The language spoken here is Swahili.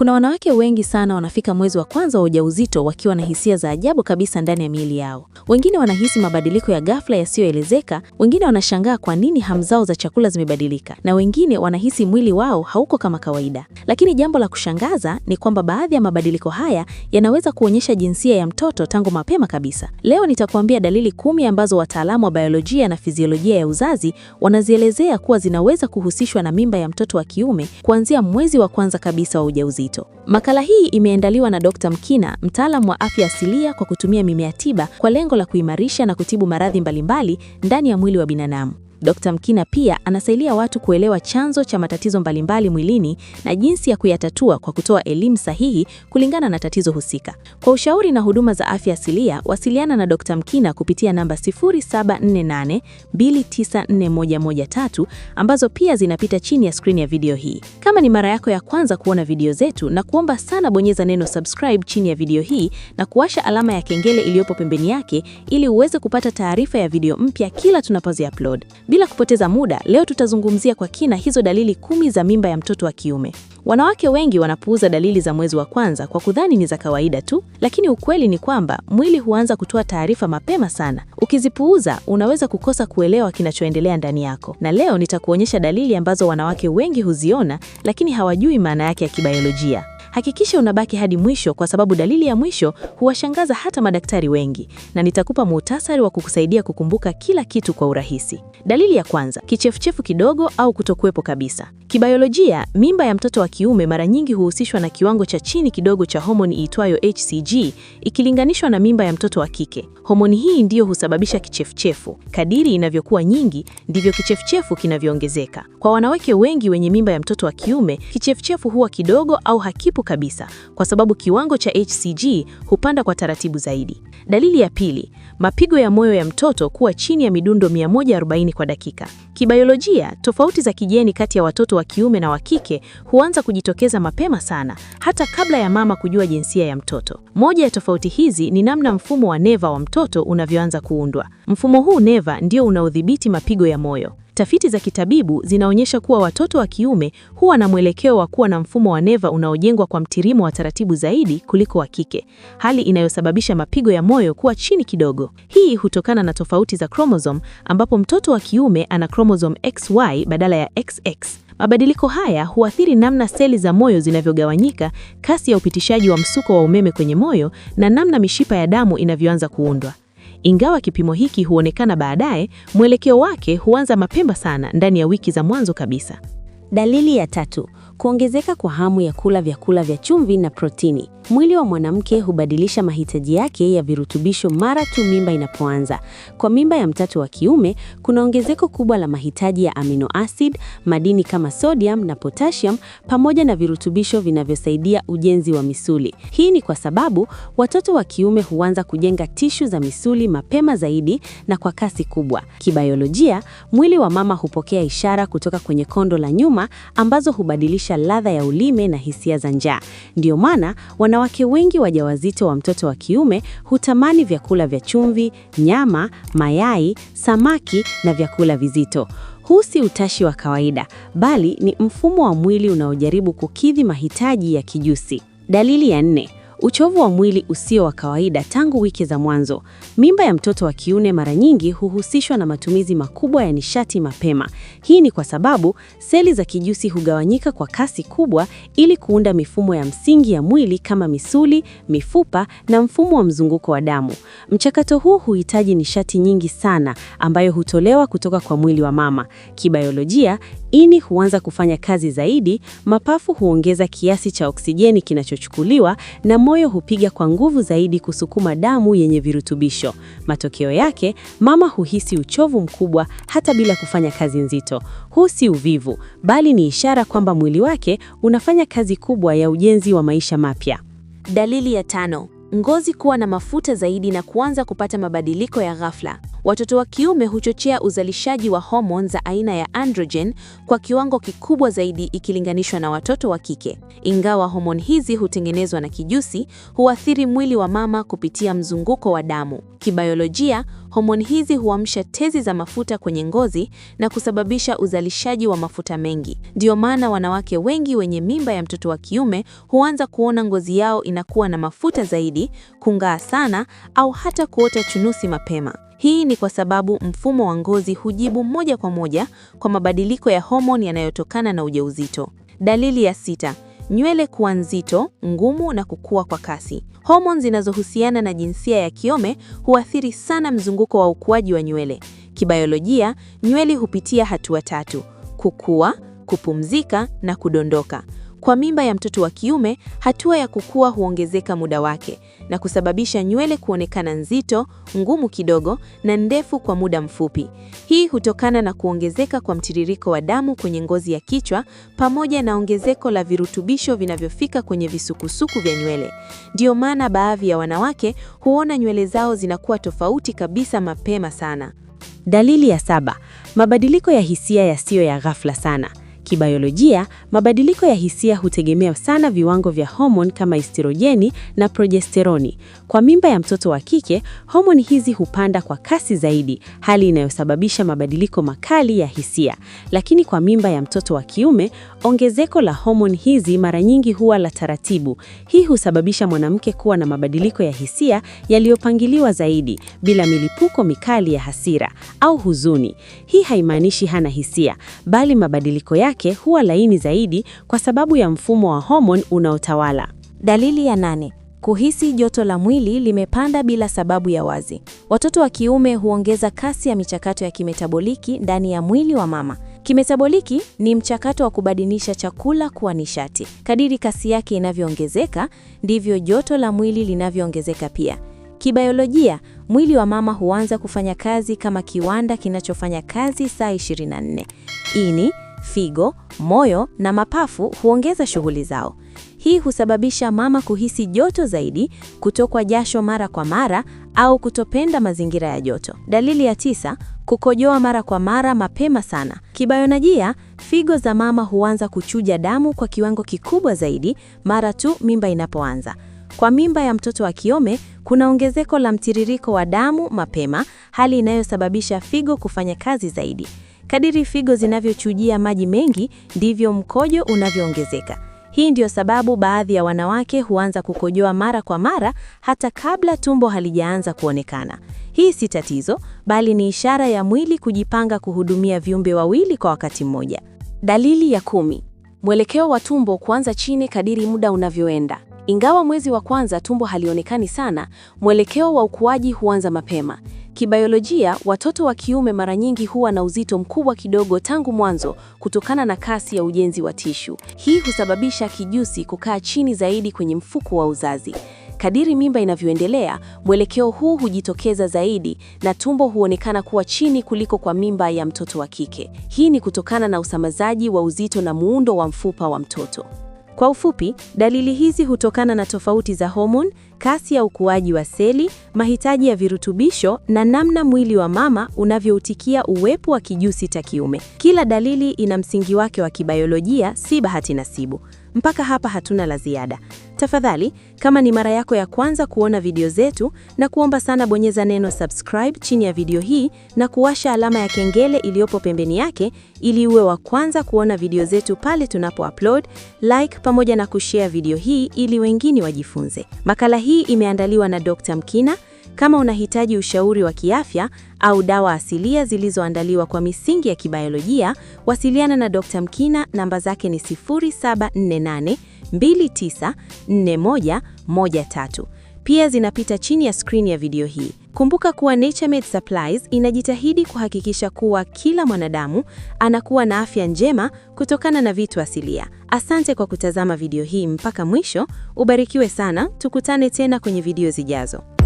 Kuna wanawake wengi sana wanafika mwezi wa kwanza wa ujauzito wakiwa na hisia za ajabu kabisa ndani ya miili yao. Wengine wanahisi mabadiliko ya ghafla yasiyoelezeka, wengine wanashangaa kwa nini hamu zao za chakula zimebadilika, na wengine wanahisi mwili wao hauko kama kawaida. Lakini jambo la kushangaza ni kwamba baadhi ya mabadiliko haya yanaweza kuonyesha jinsia ya mtoto tangu mapema kabisa. Leo nitakuambia dalili kumi ambazo wataalamu wa biolojia na fiziolojia ya uzazi wanazielezea kuwa zinaweza kuhusishwa na mimba ya mtoto wa kiume kuanzia mwezi wa kwanza kabisa wa ujauzito ujauzito. Makala hii imeandaliwa na Dr. Mkina, mtaalam wa afya asilia kwa kutumia mimea tiba kwa lengo la kuimarisha na kutibu maradhi mbalimbali ndani ya mwili wa binadamu. Dr. Mkina pia anasaidia watu kuelewa chanzo cha matatizo mbalimbali mwilini na jinsi ya kuyatatua kwa kutoa elimu sahihi kulingana na tatizo husika. Kwa ushauri na huduma za afya asilia, wasiliana na Dr. Mkina kupitia namba 0748294113 ambazo pia zinapita chini ya skrini ya video hii. Kama ni mara yako ya kwanza kuona video zetu, na kuomba sana bonyeza neno subscribe chini ya video hii na kuwasha alama ya kengele iliyopo pembeni yake ili uweze kupata taarifa ya video mpya kila tunapozi upload. Bila kupoteza muda, leo tutazungumzia kwa kina hizo dalili kumi za mimba ya mtoto wa kiume. Wanawake wengi wanapuuza dalili za mwezi wa kwanza kwa kudhani ni za kawaida tu, lakini ukweli ni kwamba mwili huanza kutoa taarifa mapema sana. Ukizipuuza, unaweza kukosa kuelewa kinachoendelea ndani yako. Na leo nitakuonyesha dalili ambazo wanawake wengi huziona, lakini hawajui maana yake ya kibaiolojia Hakikisha unabaki hadi mwisho, kwa sababu dalili ya mwisho huwashangaza hata madaktari wengi, na nitakupa muhtasari wa kukusaidia kukumbuka kila kitu kwa urahisi. Dalili ya kwanza, kichefuchefu kidogo au kutokuwepo kabisa. Kibiolojia, mimba ya mtoto wa kiume mara nyingi huhusishwa na kiwango cha chini kidogo cha homoni iitwayo HCG ikilinganishwa na mimba ya mtoto wa kike. Homoni hii ndiyo husababisha kichefuchefu. Kadiri inavyokuwa nyingi, ndivyo kichefuchefu kinavyoongezeka. Kwa wanawake wengi wenye mimba ya mtoto wa kiume, kichefuchefu huwa kidogo au hakipo hapo kabisa, kwa sababu kiwango cha hCG hupanda kwa taratibu zaidi. Dalili ya pili, mapigo ya moyo ya mtoto kuwa chini ya midundo 140 kwa dakika. Kibiolojia, tofauti za kijeni kati ya watoto wa kiume na wa kike huanza kujitokeza mapema sana, hata kabla ya mama kujua jinsia ya mtoto. Moja ya tofauti hizi ni namna mfumo wa neva wa mtoto unavyoanza kuundwa. Mfumo huu neva ndio unaodhibiti mapigo ya moyo. Tafiti za kitabibu zinaonyesha kuwa watoto wa kiume huwa na mwelekeo wa kuwa na mfumo wa neva unaojengwa kwa mtirimo wa taratibu zaidi kuliko wa kike, hali inayosababisha mapigo ya moyo kuwa chini kidogo. Hii hutokana na tofauti za kromosom, ambapo mtoto wa kiume ana kromosom XY badala ya XX. Mabadiliko haya huathiri namna seli za moyo zinavyogawanyika, kasi ya upitishaji wa msuko wa umeme kwenye moyo na namna mishipa ya damu inavyoanza kuundwa. Ingawa kipimo hiki huonekana baadaye, mwelekeo wake huanza mapema sana ndani ya wiki za mwanzo kabisa. Dalili ya tatu, Kuongezeka kwa hamu ya kula vyakula vya chumvi na protini. Mwili wa mwanamke hubadilisha mahitaji yake ya virutubisho mara tu mimba inapoanza. Kwa mimba ya mtoto wa kiume, kuna ongezeko kubwa la mahitaji ya amino acid, madini kama sodium na potassium pamoja na virutubisho vinavyosaidia ujenzi wa misuli. Hii ni kwa sababu watoto wa kiume huanza kujenga tishu za misuli mapema zaidi na kwa kasi kubwa. Kibayolojia, mwili wa mama hupokea ishara kutoka kwenye kondo la nyuma ambazo hubadilisha kuepusha ladha ya ulime na hisia za njaa. Ndio maana wanawake wengi wajawazito wa mtoto wa kiume hutamani vyakula vya chumvi, nyama, mayai, samaki na vyakula vizito. Huu si utashi wa kawaida, bali ni mfumo wa mwili unaojaribu kukidhi mahitaji ya kijusi. Dalili ya nne: Uchovu wa mwili usio wa kawaida tangu wiki za mwanzo. Mimba ya mtoto wa kiume mara nyingi huhusishwa na matumizi makubwa ya nishati mapema. Hii ni kwa sababu seli za kijusi hugawanyika kwa kasi kubwa ili kuunda mifumo ya msingi ya mwili kama misuli, mifupa na mfumo wa mzunguko wa damu. Mchakato huu huhitaji nishati nyingi sana ambayo hutolewa kutoka kwa mwili wa mama. Kibayolojia, ini huanza kufanya kazi zaidi, mapafu huongeza kiasi cha oksijeni kinachochukuliwa na moyo hupiga kwa nguvu zaidi kusukuma damu yenye virutubisho. Matokeo yake, mama huhisi uchovu mkubwa hata bila kufanya kazi nzito. Huu si uvivu, bali ni ishara kwamba mwili wake unafanya kazi kubwa ya ujenzi wa maisha mapya. Dalili ya tano: ngozi kuwa na mafuta zaidi na kuanza kupata mabadiliko ya ghafla. Watoto wa kiume huchochea uzalishaji wa homoni za aina ya androgen kwa kiwango kikubwa zaidi ikilinganishwa na watoto wa kike. Ingawa homoni hizi hutengenezwa na kijusi, huathiri mwili wa mama kupitia mzunguko wa damu. Kibiolojia, homoni hizi huamsha tezi za mafuta kwenye ngozi na kusababisha uzalishaji wa mafuta mengi. Ndiyo maana wanawake wengi wenye mimba ya mtoto wa kiume huanza kuona ngozi yao inakuwa na mafuta zaidi, kung'aa sana au hata kuota chunusi mapema. Hii ni kwa sababu mfumo wa ngozi hujibu moja kwa moja kwa mabadiliko ya homoni yanayotokana na ujauzito. Dalili ya sita: nywele kuwa nzito, ngumu na kukua kwa kasi. Homoni zinazohusiana na jinsia ya kiume huathiri sana mzunguko wa ukuaji wa nywele. Kibayolojia, nywele hupitia hatua tatu: kukua, kupumzika na kudondoka. Kwa mimba ya mtoto wa kiume, hatua ya kukua huongezeka muda wake na kusababisha nywele kuonekana nzito, ngumu kidogo na ndefu kwa muda mfupi. Hii hutokana na kuongezeka kwa mtiririko wa damu kwenye ngozi ya kichwa pamoja na ongezeko la virutubisho vinavyofika kwenye visukusuku vya nywele. Ndiyo maana baadhi ya wanawake huona nywele zao zinakuwa tofauti kabisa mapema sana. Dalili ya saba, mabadiliko ya hisia yasiyo ya ghafla sana. Kibiolojia, mabadiliko ya hisia hutegemea sana viwango vya homoni kama estrojeni na projesteroni. Kwa mimba ya mtoto wa kike, homoni hizi hupanda kwa kasi zaidi, hali inayosababisha mabadiliko makali ya hisia. Lakini kwa mimba ya mtoto wa kiume, ongezeko la homoni hizi mara nyingi huwa la taratibu. Hii husababisha mwanamke kuwa na mabadiliko ya hisia yaliyopangiliwa zaidi, bila milipuko mikali ya hasira au huzuni. Hii haimaanishi hana hisia, bali mabadiliko yake yake huwa laini zaidi kwa sababu ya mfumo wa homoni unaotawala. Dalili ya nane: kuhisi joto la mwili limepanda bila sababu ya wazi. Watoto wa kiume huongeza kasi ya michakato ya kimetaboliki ndani ya mwili wa mama. Kimetaboliki ni mchakato wa kubadilisha chakula kuwa nishati. Kadiri kasi yake inavyoongezeka, ndivyo joto la mwili linavyoongezeka pia. Kibiolojia, mwili wa mama huanza kufanya kazi kama kiwanda kinachofanya kazi saa 24. Ini figo, moyo na mapafu huongeza shughuli zao. Hii husababisha mama kuhisi joto zaidi, kutokwa jasho mara kwa mara au kutopenda mazingira ya joto. Dalili ya tisa, kukojoa mara kwa mara mapema sana. kibayonajia figo za mama huanza kuchuja damu kwa kiwango kikubwa zaidi mara tu mimba inapoanza. Kwa mimba ya mtoto wa kiume kuna ongezeko la mtiririko wa damu mapema, hali inayosababisha figo kufanya kazi zaidi. Kadiri figo zinavyochujia maji mengi, ndivyo mkojo unavyoongezeka. Hii ndiyo sababu baadhi ya wanawake huanza kukojoa mara kwa mara hata kabla tumbo halijaanza kuonekana. Hii si tatizo, bali ni ishara ya mwili kujipanga kuhudumia viumbe wawili kwa wakati mmoja. Dalili ya kumi: mwelekeo wa tumbo kuanza chini kadiri muda unavyoenda. Ingawa mwezi wa kwanza tumbo halionekani sana, mwelekeo wa ukuaji huanza mapema. Kibiolojia, watoto wa kiume mara nyingi huwa na uzito mkubwa kidogo tangu mwanzo kutokana na kasi ya ujenzi wa tishu. Hii husababisha kijusi kukaa chini zaidi kwenye mfuko wa uzazi. Kadiri mimba inavyoendelea, mwelekeo huu hujitokeza zaidi na tumbo huonekana kuwa chini kuliko kwa mimba ya mtoto wa kike. Hii ni kutokana na usamazaji wa uzito na muundo wa mfupa wa mtoto. Kwa ufupi, dalili hizi hutokana na tofauti za homoni, kasi ya ukuaji wa seli, mahitaji ya virutubisho na namna mwili wa mama unavyoutikia uwepo wa kijusi cha kiume. Kila dalili ina msingi wake wa kibayolojia, si bahati nasibu. Mpaka hapa hatuna la ziada. Tafadhali, kama ni mara yako ya kwanza kuona video zetu, na kuomba sana bonyeza neno subscribe chini ya video hii na kuwasha alama ya kengele iliyopo pembeni yake ili uwe wa kwanza kuona video zetu pale tunapo upload, like pamoja na kushare video hii ili wengine wajifunze. Makala hii imeandaliwa na Dr. Mkina kama unahitaji ushauri wa kiafya au dawa asilia zilizoandaliwa kwa misingi ya kibayolojia, wasiliana na Dr. Mkina, namba zake ni 0748294113. Pia zinapita chini ya screen ya video hii. Kumbuka kuwa Naturemed Supplies inajitahidi kuhakikisha kuwa kila mwanadamu anakuwa na afya njema kutokana na vitu asilia. Asante kwa kutazama video hii mpaka mwisho. Ubarikiwe sana, tukutane tena kwenye video zijazo.